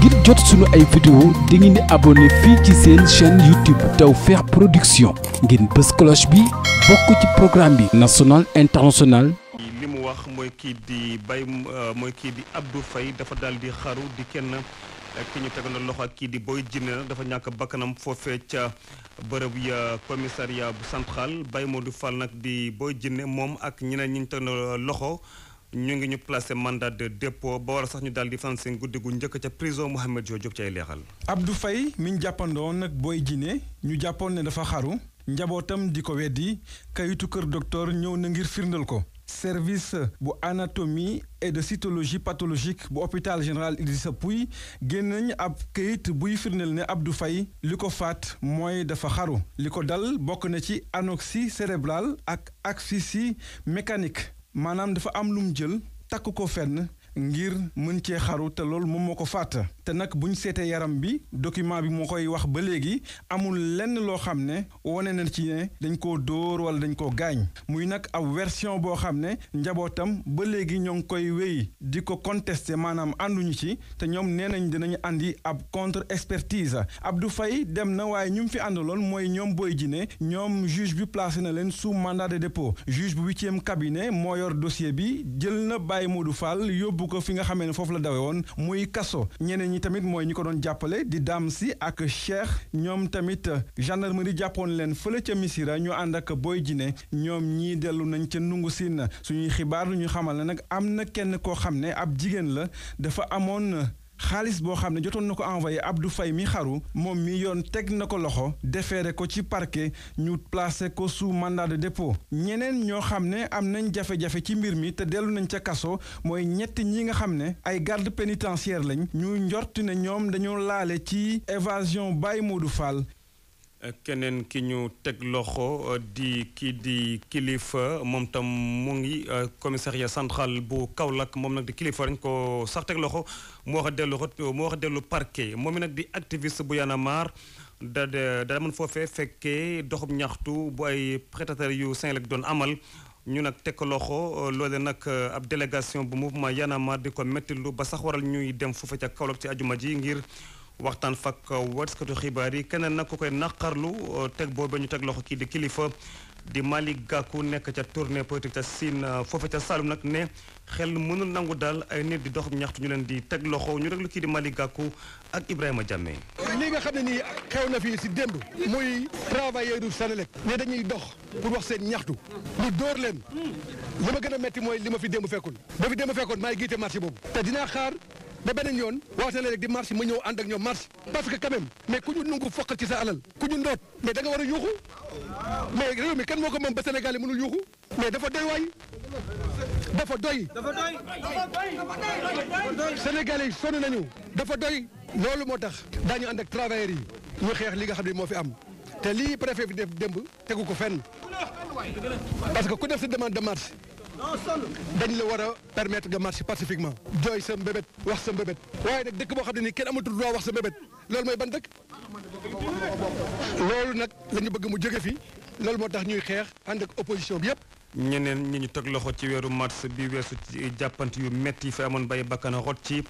ngir jot suñu ay vidéo di ngeen di abonné fii ci seen chaîne YouTube Tawfekh Production ngeen bës cloche bi bokk ci programme bi national international li mu wax mooy kii di Baye euh, mooy kii di Abdou Faye dafa dal di xaru di kenn ki ñu tegoon loxo ak kii di booy Boy Djiné dafa ñàkk bakkanam foofee ca bërëb ya commissariat bu central Baye du Fall nag di Boy Djiné moom ak ñeneen ñi ñu tegoon loxo ñu ngi ñu placé mandat de dépôt ba war a sax ñu daal di fanaan seen guddi gu njëkk ca prison Mouhamed Diop Diop ci ay leexal. ab du fay ñu jàppandoon nag booy jinne ñu jàppoon ne dafa xaru njabootam di ko weddi kayitu kër docteur ñëw na ngir firndal ko. service bu anatomie et de cytologie pathologique bu hôpital général Idrissa Pouye génn nañ ab këyit buy firndeel ne ab du fay li ko faat mooy dafa xaru li ko dal bokk na ci anoxie cérébrale ak asphyxie mécanique maanaam dafa am lum jël takk ko fenn ngir mën cee xaru te loolu moom moo ko fàtt te nag buñ ñu seetee yaram bi document bi moo koy wax ba léegi amul lenn loo xam ne wane na ci ne dañ ko dóor wala dañ koo gaañ muy nag ab version boo xam ne njabootam ba léegi ñoo ngi koy wéy di ko contester maanaam ànduñu ci te ñoom nee nañ dinañu àndi ab contre expertise du fay dem na waaye ñu mu fi àndaloon mooy ñoom Boy Djiné ñoom juge bi placé na leen sous mandat de dépôt juge bu huitième cabinet moo yor dossier bi jël na Baye Modou Fall yóbbu yóbbu ko fi nga xamee ne foofu la dawe woon muy kaso ñeneen ñi tamit mooy ñu ko doon jàppale di daam si ak cheikh ñoom tamit gendarmerie jàppoon leen fële ca misira ñu ànd ak booy jine ñoom ñii dellu nañ ca nungu na suñuy xibaar lu ñu xamal ne nag am na kenn koo xam ne ab jigéen la dafa amoon xaalis boo xam ne jotoon na ko envoyé ab du Faye mi xaru moom mi yoon teg na ko loxo defeere ko ci parquet ñu placé ko sous mandat de ñeneen ñoo xam ne am nañ jafe-jafe ci mbir mi te dellu nañu ca kaso mooy ñetti ñi nga xam ne ay garde pénitentiaire lañ ñu njort ne ñoom dañoo laale ci évasion Baye Modou Fall keneen ki ñu teg loxo euh, di ki di kilifa moom tam mu ngi euh, commissariat central bu Kaolack moom nag di kilifa dañ ko sax teg loxo mu wax a dellu mu parquet moom mi nag di activiste bu Y'en a marre da da daman foofee fekkee doxub ñaxtu bu ay prestataires yu Senelec doon amal ñu nag teg loxo euh, loole nag ab délégation bu mouvement Y'en a marre di ko métti lu ba sax waral ñuy dem foofe ca Kaolack ci ajuma ji ngir waxtaan fakk waskatu xibaar yi keneen nag ku koy naqarlu teg boobu ñu teg loxo kii di kilifa di Malick Gakou nekk ca tournée politique ca Sine foofe ca Saloum nag ne xel mënul nangu daal ay nit di dox ñaxtu ñu leen di teg loxo ñu rek lu kii di Malick Gakou ak Ibrahima Diamé. li nga xam ne nii xew na fii si démb muy travailleur du Sénélec ne dañuy dox pour wax seen ñaxtu lu dóor leen li ma gën a metti mooy li ma fi démb fekkul ba fi démb fekkoon maay giite ba beneen yoon waatee la rek di marche ma ñëw ànd ak ñoom marche parce que quand même mais ku ñu nungu foqal ci sa alal ku ñu ndoot mais da nga war a yuuxu mais réew mi kenn moo ko moom ba Sénégal yi mënul yuuxu mais dafa doy waay dafa doy Sénégalais yi sonn nañu dafa doy loolu moo tax daañu ànd ak travailleurs yi ñu xeex li nga xam ne moo fi am te lii préfet bi def démb tegu ko fenn parce que ku def sa demande de marche dañ la war a permettre nga marcher pacifiquement jooy sa mbébét wax sa mbébét waaye nag dëkk boo xam ne nii kenn amatul droit wax sa mbébét lool mooy ban dëkk loolu nag la ñu bëgg mu jóge fi loolu moo tax ñuy xeex ànd ak opposition bi yëpp. ñeneen ñi ñu teg loxo ci weeru mars bi weesu jàppante yu métti yi fi amoon bay bakkan rot ci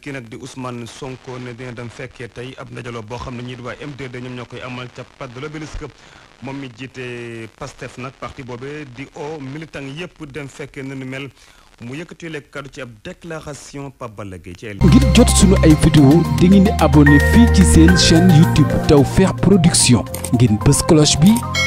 kii nag di Ousmane Sonko ne dina dem fekkee tey ab ndajaloo boo xam ne ñii di waa m ñoom ñoo koy amal ca place de l'Obélisque moom mi jiite PASTEF nag parti boobe di o militant yëpp dem fekkee na nu mel mu yëkkati lekk kàddu ci ab déclaration Pape Balla Gueye ci ngir jot suñu ay vidéo di ngeen di abonné fii ci seen chaîne YouTube Tawfekh